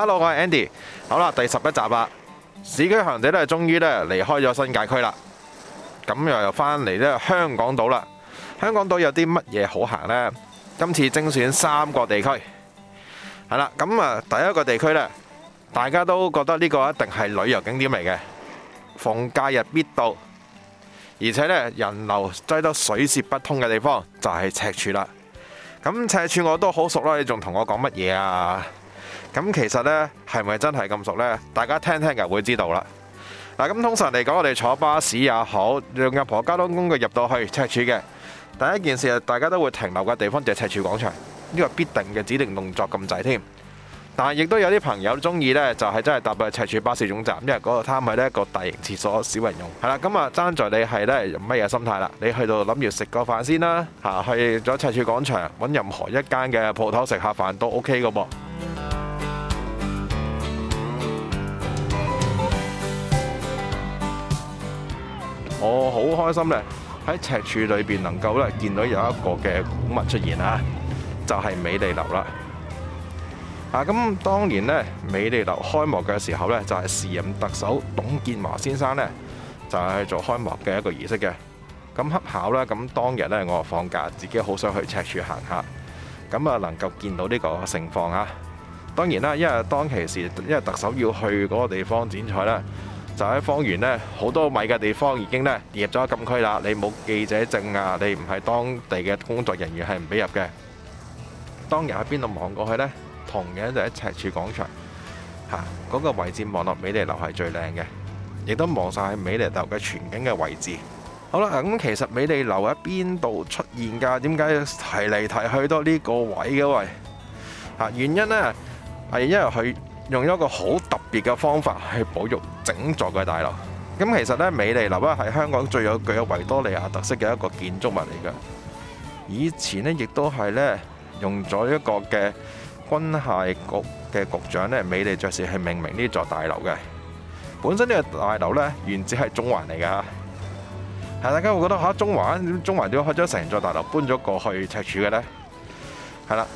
hello，我係 Andy，好啦，第十一集啦，市區強者咧，終於咧離開咗新界區啦，咁又又翻嚟，咧香港島啦。香港島有啲乜嘢好行呢？今次精選三個地區，係啦，咁啊，第一個地區呢，大家都覺得呢個一定係旅遊景點嚟嘅，逢假日必到，而且呢，人流擠得水泄不通嘅地方，就係赤柱啦。咁赤柱我都好熟啦，你仲同我講乜嘢啊？咁其實呢，係咪真係咁熟呢？大家聽聽就會知道啦。嗱，咁通常嚟講，我哋坐巴士也好，用任何交通工具入到去赤柱嘅第一件事，大家都會停留嘅地方就係、是、赤柱廣場呢個必定嘅指定動作咁滯添。但亦都有啲朋友中意呢，就係、是、真係搭去赤柱巴士總站，因為嗰個攤位呢個大型廁所少人用係啦。咁、嗯、啊，爭、嗯嗯、在你係用乜嘢心態啦？你去到諗住食個飯先啦，吓去咗赤柱廣場揾任何一間嘅鋪頭食下飯都 OK 噶噃。我好開心呢，喺赤柱裏邊能夠咧見到有一個嘅古物出現啊，就係、是、美利樓啦。啊，咁當年呢，美利樓開幕嘅時候呢，就係時任特首董建華先生呢，就係做開幕嘅一個儀式嘅。咁恰巧呢，咁當日呢，我放假，自己好想去赤柱行下，咁啊能夠見到呢個盛況啊。當然啦，因為當其時，因為特首要去嗰個地方剪彩啦。就喺方圓呢，好多米嘅地方已經跌入咗禁區啦！你冇記者證啊，你唔係當地嘅工作人員係唔俾入嘅。當日喺邊度望過去呢？同樣就喺赤柱廣場嚇嗰、啊嗰個位置望落美利樓係最靚嘅，亦都望晒美利樓嘅全景嘅位置。好啦，咁、嗯、其實美利樓喺邊度出現㗎？點解提嚟提去都呢個位嘅喂、啊，原因呢，係因為佢。用咗一個好特別嘅方法去保育整座嘅大樓。咁其實呢，美利樓咧係香港最有具有維多利亞特色嘅一個建築物嚟嘅。以前呢，亦都係呢，用咗一個嘅軍械局嘅局長呢美利爵士係命名呢座大樓嘅。本身呢個大樓呢，原址係中環嚟噶。係，大家會覺得吓中環，中環點解開咗成座大樓搬咗過去赤柱嘅呢？係啦。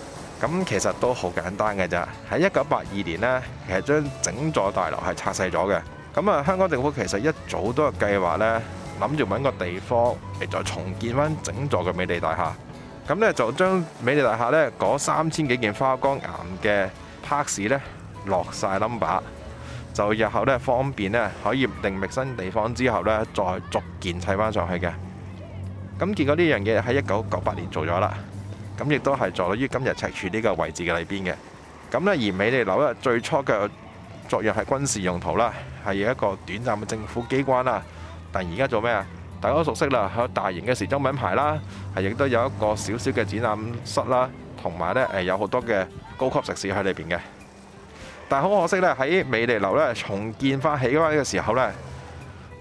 咁其實都好簡單嘅咋，喺一九八二年呢，其實將整座大樓係拆細咗嘅。咁啊，香港政府其實一早都有計劃呢，諗住揾個地方嚟再重建翻整座嘅美利大廈。咁呢，就將美利大廈呢嗰三千幾件花崗岩嘅 parts 咧落晒 number，就日後呢方便呢可以定覓新地方之後呢，再逐件砌翻上去嘅。咁結果呢樣嘢喺一九九八年做咗啦。咁亦都係在於今日赤柱呢個位置嘅裏邊嘅。咁咧，而美利樓咧最初嘅作用係軍事用途啦，係一個短暫嘅政府機關啦。但而家做咩啊？大家都熟悉啦，喺大型嘅時裝品牌啦，係亦都有一個小小嘅展覽室啦，同埋呢有好多嘅高級食肆喺裏邊嘅。但好可惜咧，喺美利樓咧重建翻起嘅時候呢，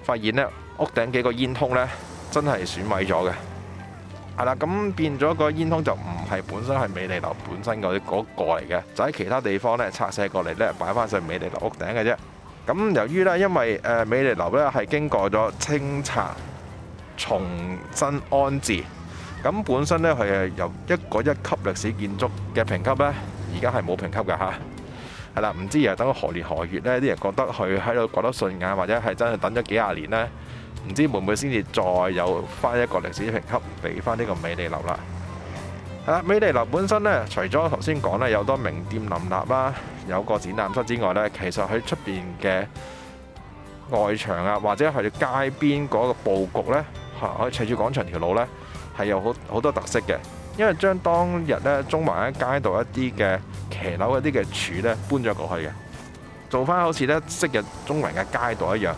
發現咧屋頂幾個煙通呢，真係損毀咗嘅。係啦，咁變咗個煙通就唔係本身係美利樓本身嗰啲嗰個嚟嘅，就喺其他地方呢拆卸過嚟呢擺翻上美利樓屋頂嘅啫。咁由於呢，因為誒美利樓呢係經過咗清拆、重新安置，咁本身呢，佢係由一個一級歷史建築嘅評級呢，而家係冇評級嘅嚇。係啦，唔知又等個何年何月呢？啲人覺得佢喺度過得順眼，或者係真係等咗幾廿年呢？唔知會唔會先至再有翻一個歷史評級，俾翻呢個美利樓啦。係啦，美利樓本身呢，除咗頭先講咧有多名店林立啦，有個展覽室之外呢，其實喺出邊嘅外牆啊，或者係街邊嗰個佈局呢，係可以隨住廣場條路呢，係有好好多特色嘅。因為將當日咧中環街道一啲嘅騎樓嗰啲嘅柱咧搬咗過去嘅，做返好似咧昔日中環嘅街道一樣。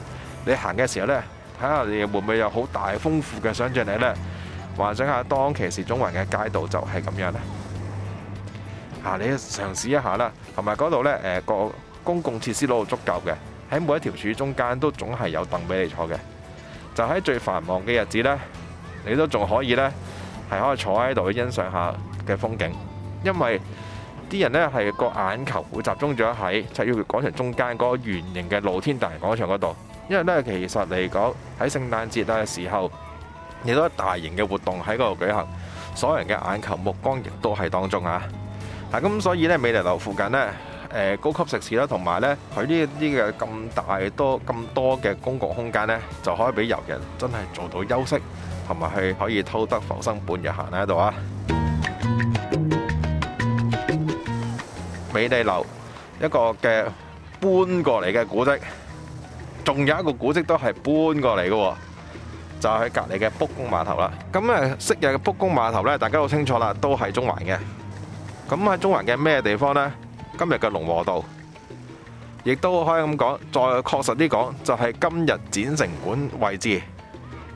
你行嘅時候呢，睇下你會唔會有好大豐富嘅想像力呢？幻想下當其時中環嘅街道就係咁樣咧。吓、啊，你嘗試一下啦，同埋嗰度呢誒個、呃、公共設施都好足夠嘅。喺每一條柱中間都總係有凳俾你坐嘅。就喺最繁忙嘅日子呢，你都仲可以呢。係可以坐喺度去欣賞下嘅風景，因為啲人呢係個眼球會集中咗喺赤柱廣場中間嗰個圓形嘅露天大廣場嗰度，因為呢其實嚟講喺聖誕節啊時候亦都係大型嘅活動喺嗰度舉行，所有人嘅眼球目光亦都係當中啊！嗱，咁所以呢美麗樓附近呢誒高級食肆啦，同埋呢佢呢一啲嘅咁大多咁多嘅公共空間呢，就可以俾遊人真係做到休息。同埋去可以偷得浮生半日閒喺度啊！美利樓一個嘅搬過嚟嘅古蹟，仲有一個古蹟都係搬過嚟嘅，就喺隔籬嘅卜公碼頭啦。咁啊，昔日嘅卜公碼頭呢，大家好清楚啦，都係中環嘅。咁喺中環嘅咩地方呢？今日嘅龍和道，亦都可以咁講，再確實啲講，就係今日展城館位置。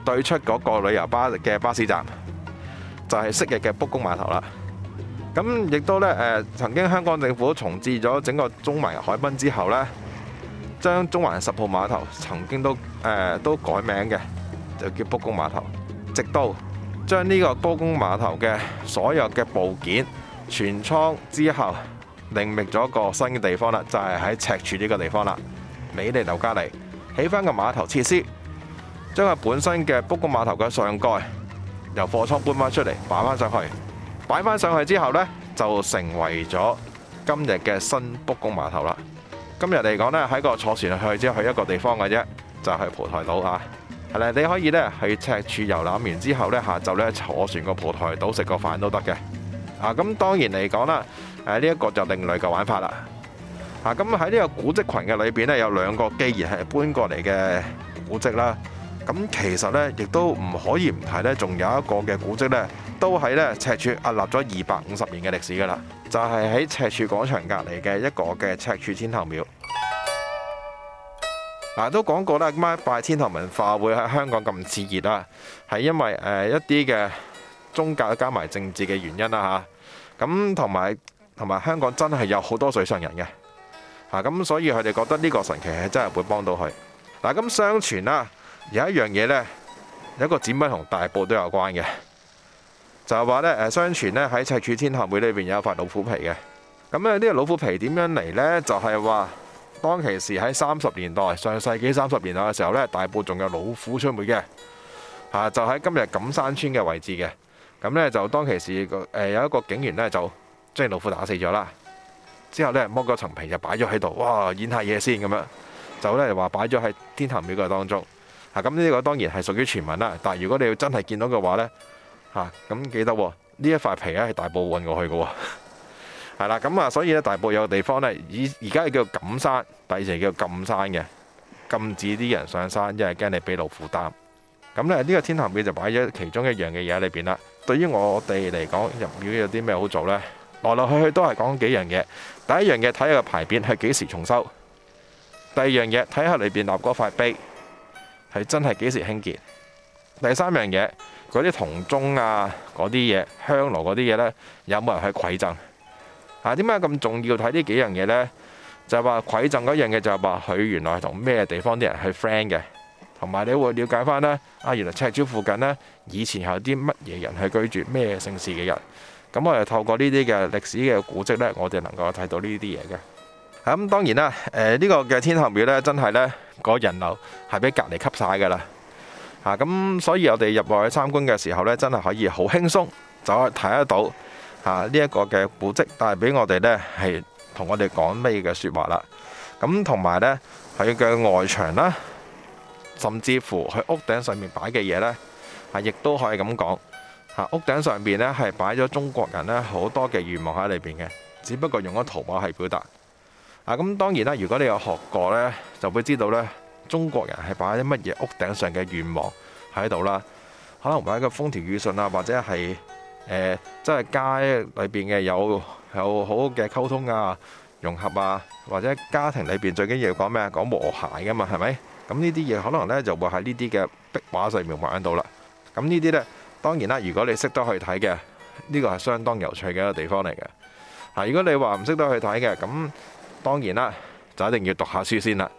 退出嗰個旅遊巴嘅巴士站，就係、是、昔日嘅卜公碼頭啦。咁亦都咧誒，曾經香港政府重置咗整個中環海濱之後咧，將中環十號碼頭曾經都誒、呃、都改名嘅，就叫卜公碼頭。直到將呢個高公碼頭嘅所有嘅部件全倉之後，另覓咗個新嘅地方啦，就係、是、喺赤柱呢個地方啦，美利樓隔籬起翻個碼頭設施。將佢本身嘅卜公碼頭嘅上蓋由貨倉搬翻出嚟擺翻上去，擺翻上去之後呢，就成為咗今日嘅新卜公碼頭啦。今日嚟講呢，喺個坐船去之後去一個地方嘅啫，就係蒲台島啊。係啦，你可以呢去赤柱遊覽完之後呢，下晝呢坐船過蒲台島食個飯都得嘅。啊，咁當然嚟講啦，誒呢一個就另類嘅玩法啦。啊，咁喺呢個古蹟群嘅裏邊呢，有兩個，既然係搬過嚟嘅古蹟啦。咁其實呢，亦都唔可以唔提呢。仲有一個嘅古跡呢，都係呢赤柱屹立咗二百五十年嘅歷史噶啦，就係喺赤柱廣場隔離嘅一個嘅赤柱天后廟。嗱，都講過啦，咁拜天后文化會喺香港咁熾熱啦，係因為誒一啲嘅宗教加埋政治嘅原因啦嚇。咁同埋同埋香港真係有好多水上人嘅，咁所以佢哋覺得呢個神奇係真係會幫到佢嗱。咁相傳啦。有一樣嘢呢，有一個展品同大埔都有關嘅，就係話呢，誒，相傳呢，喺赤柱天后廟裏邊有一塊老虎皮嘅。咁呢，呢個老虎皮點樣嚟呢？就係話當其時喺三十年代上世紀三十年代嘅時候呢，大埔仲有老虎出沒嘅啊，就喺今日錦山村嘅位置嘅。咁呢，就當其時有一個警員呢，就將老虎打死咗啦，之後呢，剝咗層皮就擺咗喺度，哇演下嘢先咁樣，就呢話擺咗喺天后廟嘅當中。咁、這、呢個當然係屬於傳聞啦。但如果你要真係見到嘅話呢，咁、啊、記得呢一塊皮咧係大埔運過去嘅喎。係啦，咁啊，所以呢，大埔有個地方呢，以而家叫錦山，第二時叫禁山嘅，禁止啲人上山，因為驚你俾路負擔。咁、嗯、呢，呢、這個天堂廟就擺咗其中一樣嘅嘢喺裏邊啦。對於我哋嚟講，入廟有啲咩好做呢？來來去去都係講幾樣嘢。第一樣嘢睇下個牌匾係幾時重修。第二樣嘢睇下裏邊立嗰塊碑。係真係幾時興建？第三樣嘢，嗰啲銅鐘啊，嗰啲嘢，香爐嗰啲嘢呢，有冇人去饋贈？啊，點解咁重要睇呢幾樣嘢呢？就係話饋贈嗰樣嘢就係話佢原來係同咩地方啲人係 friend 嘅，同埋你會了解翻咧啊，原來赤柱附近呢，以前係啲乜嘢人去居住，咩姓氏嘅人？咁我哋透過呢啲嘅歷史嘅古蹟呢，我哋能夠睇到呢啲嘢嘅。咁當然啦，誒呢個嘅天后廟咧，真係咧個人流係俾隔離吸曬㗎啦，嚇咁，所以我哋入去參觀嘅時候咧，真係可以好輕鬆就可以睇得到，嚇呢一個嘅古蹟，帶俾我哋咧係同我哋講咩嘅説話啦。咁同埋咧佢嘅外牆啦，甚至乎佢屋頂上面擺嘅嘢咧，係亦都可以咁講，嚇屋頂上面咧係擺咗中國人咧好多嘅願望喺裏邊嘅，只不過用咗圖畫係表達。咁、啊、當然啦。如果你有學過呢，就會知道呢中國人係擺啲乜嘢屋頂上嘅願望喺度啦。可能係一個風調雨順啊，或者係誒，即、呃、係、就是、街裏邊嘅有有好嘅溝通啊、融合啊，或者家庭裏邊最緊要講咩啊，講和諧噶嘛，係咪？咁呢啲嘢可能呢就會喺呢啲嘅壁畫上面畫喺度啦。咁呢啲呢，當然啦，如果你識得去睇嘅，呢、這個係相當有趣嘅一個地方嚟嘅、啊。如果你話唔識得去睇嘅咁。當然啦，就一定要讀下書先啦，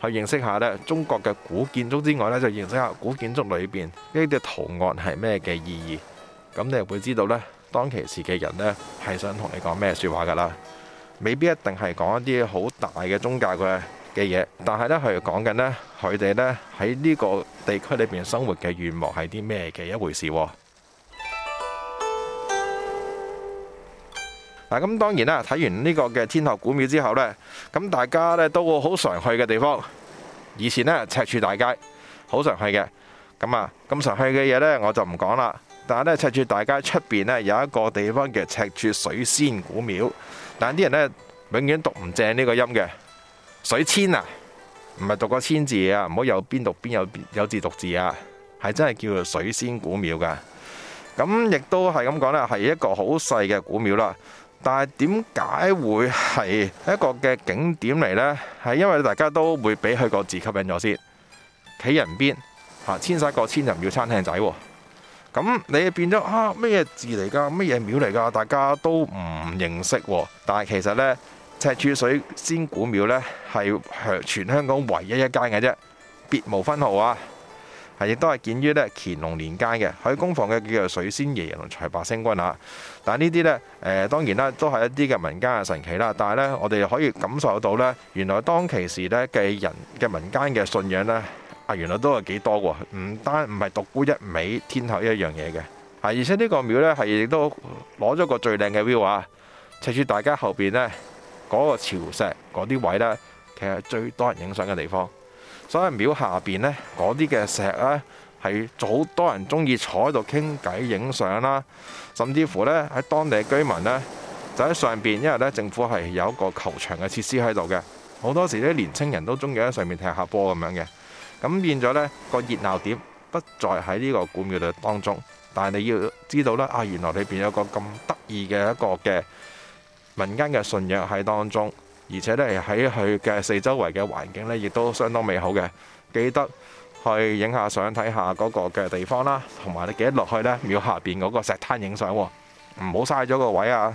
去認識下咧中國嘅古建築之外咧，就認識下古建築裏邊呢啲圖案係咩嘅意義。咁你就會知道呢當其時嘅人呢係想同你講咩說話噶啦，未必一定係講一啲好大嘅宗教嘅嘅嘢，但係呢，佢講緊呢，佢哋呢喺呢個地區裏邊生活嘅願望係啲咩嘅一回事啊。嗱，咁當然啦，睇完呢個嘅天后古廟之後呢，咁大家呢都會好常去嘅地方。以前呢，赤柱大街好常去嘅，咁啊咁常去嘅嘢呢，我就唔講啦。但係呢，赤柱大街出邊呢，有一個地方叫赤柱水仙古廟，但係啲人呢，永遠讀唔正呢個音嘅水千啊，唔係讀個千字啊，唔好有邊讀邊有有字讀字啊，係真係叫做水仙古廟噶。咁亦都係咁講咧，係一個好細嘅古廟啦。但係點解會係一個嘅景點嚟呢？係因為大家都會俾佢個字吸引咗先，企人邊嚇，千山個千人廟餐廳仔喎。咁、啊、你變咗嚇咩嘢字嚟㗎？乜嘢廟嚟㗎？大家都唔認識喎、啊。但係其實呢，赤柱水仙古廟呢，係全香港唯一一間嘅啫，別無分號啊！係，亦都係建於咧乾隆年間嘅，佢供奉嘅叫做水仙爺同財帛星君嚇。但係呢啲呢，誒、呃、當然啦，都係一啲嘅民間嘅神祇啦。但係呢，我哋可以感受得到呢，原來當其時呢，嘅人嘅民間嘅信仰呢，啊，原來都係幾多喎？唔單唔係獨沽一味天后一樣嘢嘅。啊，而且呢個廟呢，係亦都攞咗個最靚嘅 view 啊，斜住大家後邊呢，嗰、那個潮石嗰啲位呢，其實最多人影相嘅地方。所以廟下邊呢，嗰啲嘅石呢，係好多人中意坐喺度傾偈、影相啦，甚至乎呢，喺當地居民呢，就喺上邊，因為呢政府係有一個球場嘅設施喺度嘅，好多時啲年青人都中意喺上面踢下波咁樣嘅。咁變咗呢個熱鬧點不再喺呢個古廟度當中，但係你要知道啦，啊，原來裏邊有個咁得意嘅一個嘅民間嘅信仰喺當中。而且咧，喺佢嘅四周圍嘅環境呢，亦都相當美好嘅。記得去影下相，睇下嗰個嘅地方啦，同埋你記得落去呢廟下邊嗰個石灘影相喎，唔好嘥咗個位啊！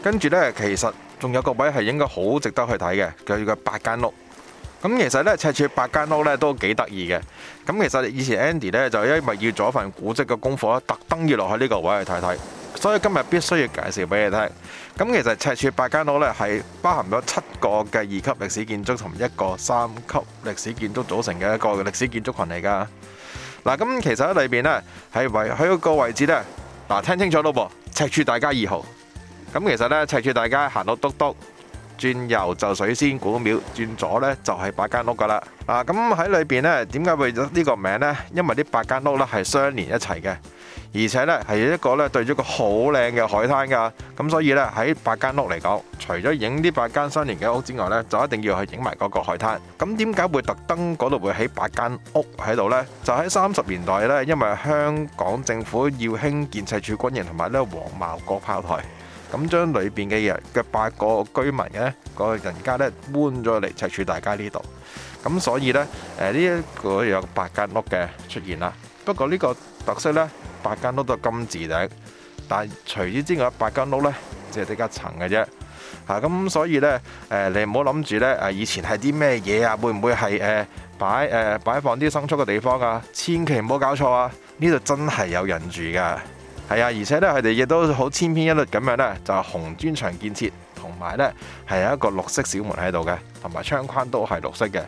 跟住 呢，其實仲有一個位係應該好值得去睇嘅，叫做八間屋。咁其實呢，赤柱八間屋呢都幾得意嘅，咁其實以前 Andy 呢就因為要做一份古蹟嘅功課，特登要落去呢個位去睇睇，所以今日必須要介紹俾你聽。咁其實赤柱八間屋呢係包含咗七個嘅二級歷史建築同一個三級歷史建築組成嘅一個歷史建築群嚟噶。嗱，咁其實喺裏邊呢，係喺嗰個位置呢，嗱聽清楚咯噃，赤柱大街二號。咁其實呢，赤柱大街行到篤篤。轉右就水仙古廟，轉左咧就係八間屋噶啦。啊，咁喺裏邊咧，點解會有呢個名咧？因為啲八間屋咧係相連一齊嘅，而且咧係一個咧對住個好靚嘅海灘噶。咁所以咧喺八間屋嚟講，除咗影啲八間相連嘅屋之外咧，就一定要去影埋嗰個海灘。咁點解會特登嗰度會起八間屋喺度咧？就喺三十年代咧，因為香港政府要興建赤柱軍營同埋咧黃茅角炮台。咁將裏面嘅人嘅八個居民咧，個人家咧搬咗嚟赤柱大街呢度。咁所以呢，誒呢一個有八間屋嘅出現啦。不過呢個特色呢，八間屋都係金字頂。但係除此之外，八間屋呢，即係一層嘅啫。啊，咁所以呢，你唔好諗住呢，以前係啲咩嘢啊？會唔會係擺放啲牲畜嘅地方啊？千祈唔好搞錯啊！呢度真係有人住㗎。係啊，而且咧，佢哋亦都好千篇一律咁樣呢，就係紅磚牆建設，同埋呢係有一個綠色小門喺度嘅，同埋窗框都係綠色嘅。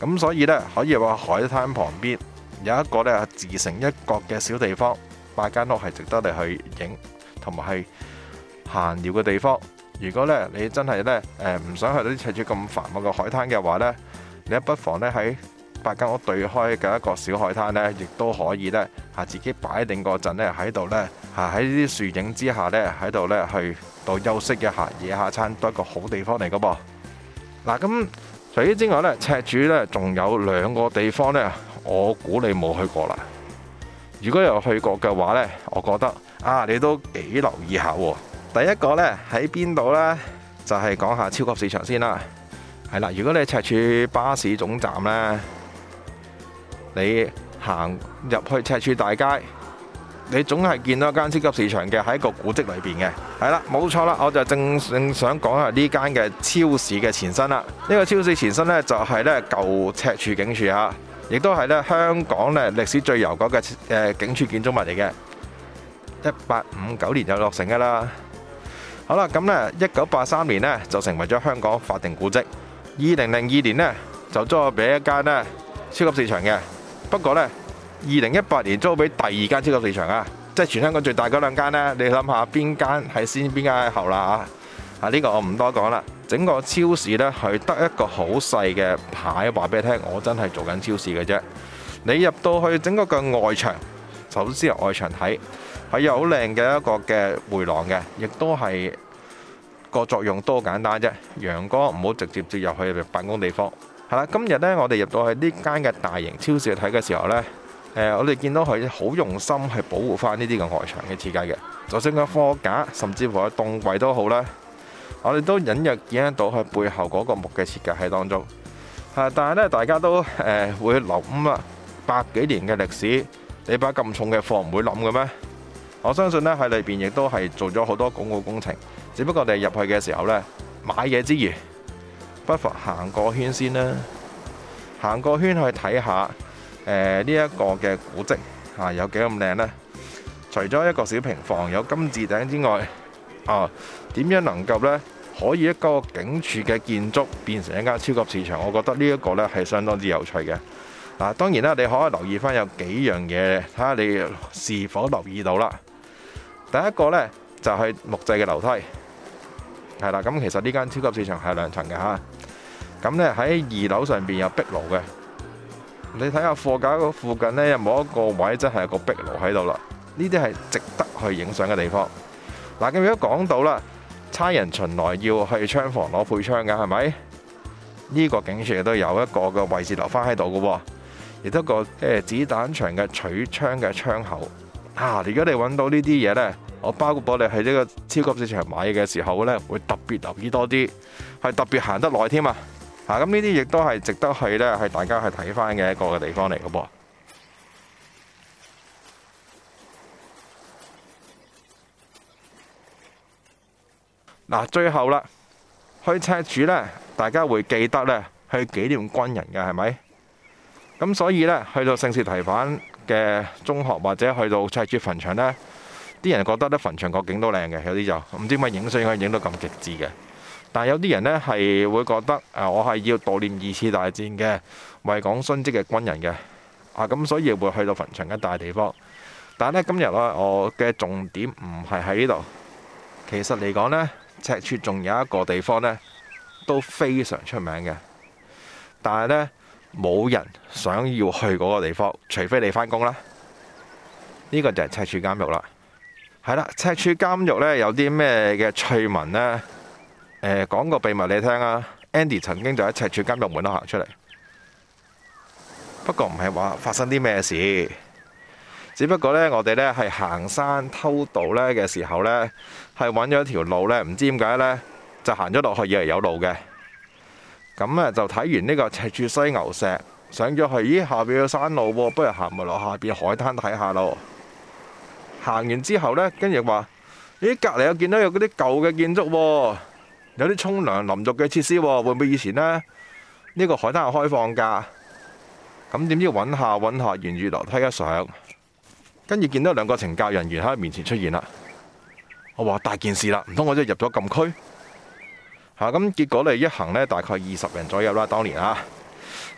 咁所以呢，可以話海灘旁邊有一個咧自成一角嘅小地方，八間屋係值得你去影，同埋去閒聊嘅地方。如果呢，你真係呢，誒唔想去到啲赤柱咁繁忙嘅海灘嘅話呢，你不妨呢喺。八間屋對開嘅一個小海灘呢，亦都可以呢，嚇自己擺定個陣呢，喺度呢，嚇喺啲樹影之下呢，喺度呢，去到休息一下、野下餐都係一個好地方嚟噶噃。嗱咁，除此之外呢，赤柱呢，仲有兩個地方呢，我估你冇去過啦。如果有去過嘅話呢，我覺得啊，你都幾留意下喎、啊。第一個呢，喺邊度呢？就係、是、講下超級市場先啦。係啦，如果你赤柱巴士總站呢。你行入去赤柱大街，你總係見到一間超級市場嘅喺一個古蹟裡邊嘅係啦，冇錯啦，我就正正想講下呢間嘅超市嘅前身啦。呢、呢個超市前身呢，就係呢舊赤柱警署啊，亦都係呢香港呢歷史最悠久嘅誒警署建築物嚟嘅，一八五九年就落成噶啦。好啦，咁呢，一九八三年呢，就成為咗香港法定古蹟，二零零二年呢，就租俾一間呢超級市場嘅。不過呢，二零一八年租俾第二間超級市場啊，即係全香港最大嗰兩間呢。你諗下邊間係先，邊間係後啦啊！啊、這、呢個我唔多講啦，整個超市呢，佢得一個好細嘅牌，話俾你聽，我真係做緊超市嘅啫。你入到去整個嘅外牆，首先外牆睇，係有好靚嘅一個嘅迴廊嘅，亦都係個作用都簡單啫。陽光唔好直接接入去辦公地方。係啦，今日呢，我哋入到去呢間嘅大型超市睇嘅時候呢，我哋見到佢好用心去保護翻呢啲嘅外牆嘅設計嘅，就算個貨架，甚至乎係凍櫃都好啦。我哋都隱約見得到佢背後嗰個木嘅設計喺當中。但係呢，大家都誒會諗啊，百幾年嘅歷史，你擺咁重嘅貨唔會冧嘅咩？我相信呢，喺裏邊亦都係做咗好多加固工程，只不過我哋入去嘅時候呢，買嘢之餘。不妨行個圈先啦，行個圈去睇下呢一個嘅古跡嚇、啊、有幾咁靚呢？除咗一個小平房有金字頂之外，啊點樣能夠呢？可以一個警署嘅建築變成一間超級市場？我覺得呢一個呢係相當之有趣嘅嗱、啊。當然啦，你可以留意翻有幾樣嘢睇下，看看你是否留意到啦？第一個呢，就係、是、木製嘅樓梯，係啦。咁其實呢間超級市場係兩層嘅嚇。咁呢，喺二樓上面有壁爐嘅，你睇下貨架嗰附近呢，有冇一個位，真係有個壁爐喺度啦。呢啲係值得去影相嘅地方。嗱，咁如果講到啦，差人巡來要去槍房攞配槍嘅係咪？呢、這個警署亦都有一個嘅位置留翻喺度嘅，亦都個誒子彈牆嘅取槍嘅窗口。啊，如果你揾到呢啲嘢呢，我包括我哋去呢個超級市場買嘢嘅時候呢，會特別留意多啲，係特別行得耐添啊！啊，咁呢啲亦都係值得去咧，係大家去睇翻嘅一個嘅地方嚟嘅噃。嗱，最後啦，去赤柱咧，大家會記得咧去紀念軍人嘅，係咪？咁所以咧，去到聖士提反嘅中學或者去到赤柱墳場咧，啲人覺得咧墳場個景都靚嘅，有啲就唔知點解影相，應該影到咁極致嘅。但有啲人呢，係會覺得誒、呃，我係要悼念二次大戰嘅為港殉職嘅軍人嘅，啊咁所以會去到墳場一帶地方。但呢，今日呢，我嘅重點唔係喺呢度。其實嚟講呢，赤柱仲有一個地方呢都非常出名嘅，但係呢，冇人想要去嗰個地方，除非你返工啦。呢、這個就係赤柱監獄啦。係啦，赤柱監獄呢，有啲咩嘅趣聞呢？誒，講個秘密你聽啊！Andy 曾經就喺赤柱監獄門度行出嚟，不過唔係話發生啲咩事，只不過呢，我哋呢係行山偷渡呢嘅時候呢，係揾咗一條路呢，唔知點解呢，就行咗落去，以為有路嘅，咁咧就睇完呢個赤柱犀牛石上咗去，咦，下邊有山路，不如行埋落下邊海灘睇下咯。行完之後呢，跟住話咦，隔籬有見到有嗰啲舊嘅建築。有啲沖涼淋浴嘅設施，會唔會以前呢？呢、呢個海灘係開放㗎？咁點知揾下揾下沿住樓梯一上，跟住見到兩個懲教人員喺面前出現啦。我話大件事啦，唔通我真係入咗禁區咁、啊、結果你一行呢，大概二十人左右啦，當年啊，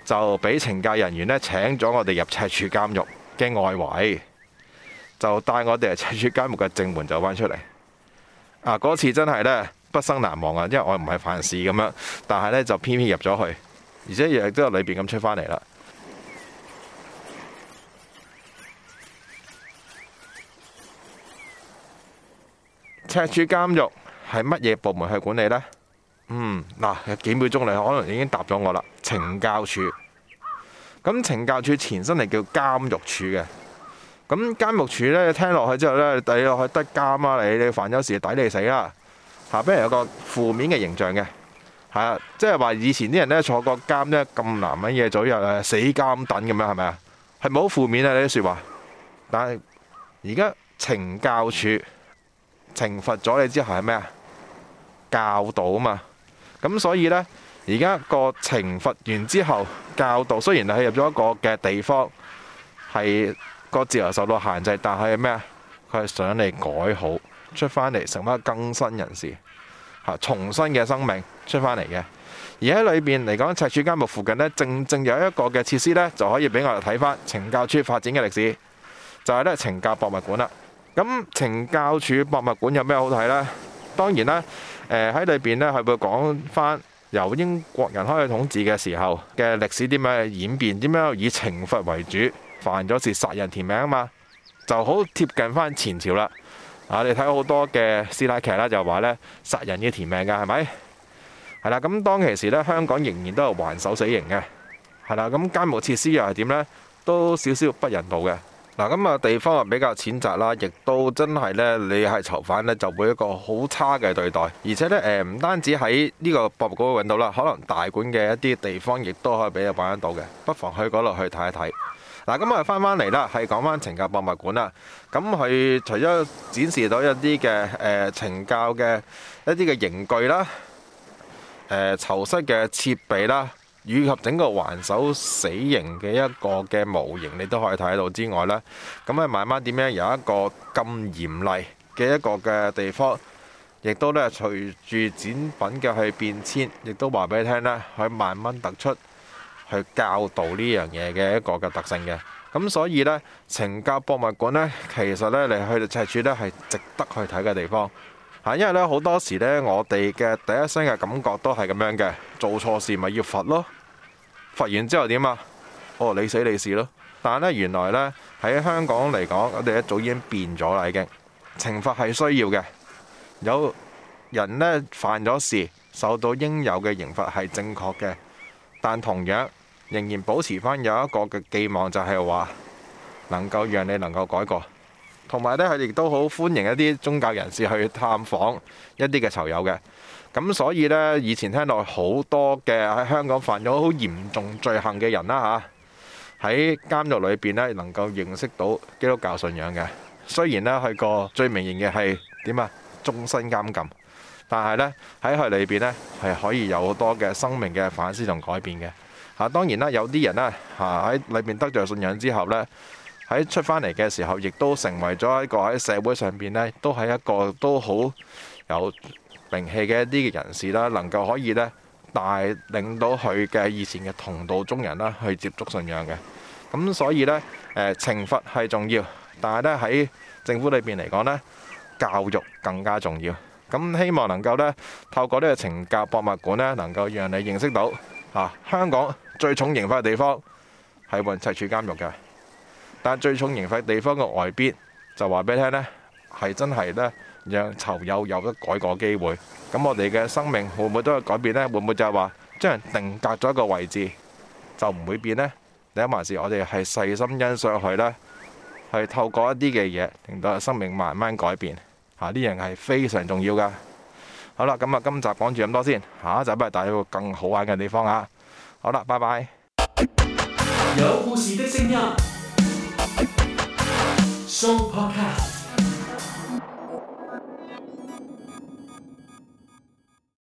就俾懲教人員呢請咗我哋入赤柱監獄嘅外圍，就帶我哋係赤柱監獄嘅正門就返出嚟。嗰次真係呢。不生難忘啊，因為我唔係犯事咁樣，但係呢，就偏偏入咗去了，而且亦亦都有裏邊咁出返嚟啦。赤柱監獄係乜嘢部門去管理呢？嗯，嗱，有幾秒鐘你可能已經答咗我啦。懲教處咁，懲教處前身係叫監獄處嘅。咁監獄處呢，你聽落去之後呢，你抵落去得監啊！你你犯咗事抵你死啦！下俾人有個負面嘅形象嘅，係啊，即係話以前啲人坐過監呢，咁難揾嘢做，又死監等咁樣，係咪啊？係冇負面啊，呢啲說話。但係而家懲教處懲罰咗你之後係咩啊？教導啊嘛。咁所以呢，而家個懲罰完之後，教導，雖然係入咗一個嘅地方，係個自由受到限制，但係咩啊？佢係想你改好。出返嚟，成為更新人士，重新嘅生命出返嚟嘅。而喺裏邊嚟講，赤柱監獄附近呢，正正有一個嘅設施呢，就可以俾我哋睇翻懲教處發展嘅歷史，就係呢懲教博物館啦。咁懲教處博物館有咩好睇呢？當然啦，喺裏邊呢，係會講翻由英國人開始統治嘅時候嘅歷史點樣演變，點樣以懲罰為主，犯咗事殺人填命啊嘛，就好貼近返前朝啦。啊！你睇好多嘅師奶劇啦，就話呢殺人要填命嘅，係咪？係啦，咁當其時呢，香港仍然都係還手死刑嘅，係啦，咁監獄設施又係點呢？都少少不人道嘅。嗱，咁啊地方又比較淺窄啦，亦都真係呢。你係囚犯呢，就會一個好差嘅對待。而且呢，誒，唔單止喺呢個博物館揾到啦，可能大館嘅一啲地方亦都可以俾你揾得到嘅，不妨去嗰度去睇一睇。嗱，咁我哋翻翻嚟啦，係講返懲教博物館啦。咁佢除咗展示到一啲嘅誒懲教嘅一啲嘅刑具啦、誒、呃、囚室嘅設備啦，以及整個絞首死刑嘅一個嘅模型，你都可以睇到之外啦，咁咧慢慢點樣有一個咁嚴厲嘅一個嘅地方，亦都咧隨住展品嘅去變遷，亦都話俾你聽咧，佢慢慢突出。去教導呢樣嘢嘅一個嘅特性嘅，咁所以呢，懲教博物館呢，其實呢，你去到赤柱呢，係值得去睇嘅地方嚇，因為呢，好多時呢，我哋嘅第一身嘅感覺都係咁樣嘅，做錯事咪要罰咯，罰完之後點啊？哦，你死你事咯。但呢，原來呢，喺香港嚟講，我哋一早已經變咗啦，已經懲罰係需要嘅，有人呢，犯咗事，受到應有嘅刑罰係正確嘅，但同樣，仍然保持返有一個嘅寄望，就係話能夠讓你能夠改過，同埋呢，佢哋都好歡迎一啲宗教人士去探訪一啲嘅囚友嘅。咁所以呢，以前聽落好多嘅喺香港犯咗好嚴重罪行嘅人啦，吓，喺監獄裏邊呢，能夠認識到基督教信仰嘅。雖然呢，佢個罪名仍然係點啊，終身監禁，但係呢，喺佢裏邊呢，係可以有好多嘅生命嘅反思同改變嘅。啊，當然啦，有啲人呢，嚇喺裏邊得著信仰之後呢，喺出返嚟嘅時候，亦都成為咗一個喺社會上邊呢，都係一個都好有名氣嘅一啲嘅人士啦，能夠可以呢帶領到佢嘅以前嘅同道中人啦，去接觸信仰嘅。咁所以呢，誒懲罰係重要，但係呢喺政府裏邊嚟講呢，教育更加重要。咁希望能夠呢透過呢個懲教博物館呢，能夠讓你認識到嚇香港。最重刑罰嘅地方係喺赤柱監獄嘅，但係最重刑罰地方嘅外邊就話俾你聽呢，係真係呢，讓囚友有得改過機會。咁我哋嘅生命會唔會都有改變呢？會唔會就係話將人定格咗一個位置就唔會變呢？第一還是我哋係細心欣賞佢呢，係透過一啲嘅嘢令到生命慢慢改變。吓、啊，呢樣係非常重要噶。好啦，咁啊，今集講住咁多先，下一集不如帶你去個更好玩嘅地方啊。好啦，拜拜。有故事的聲音，Podcast。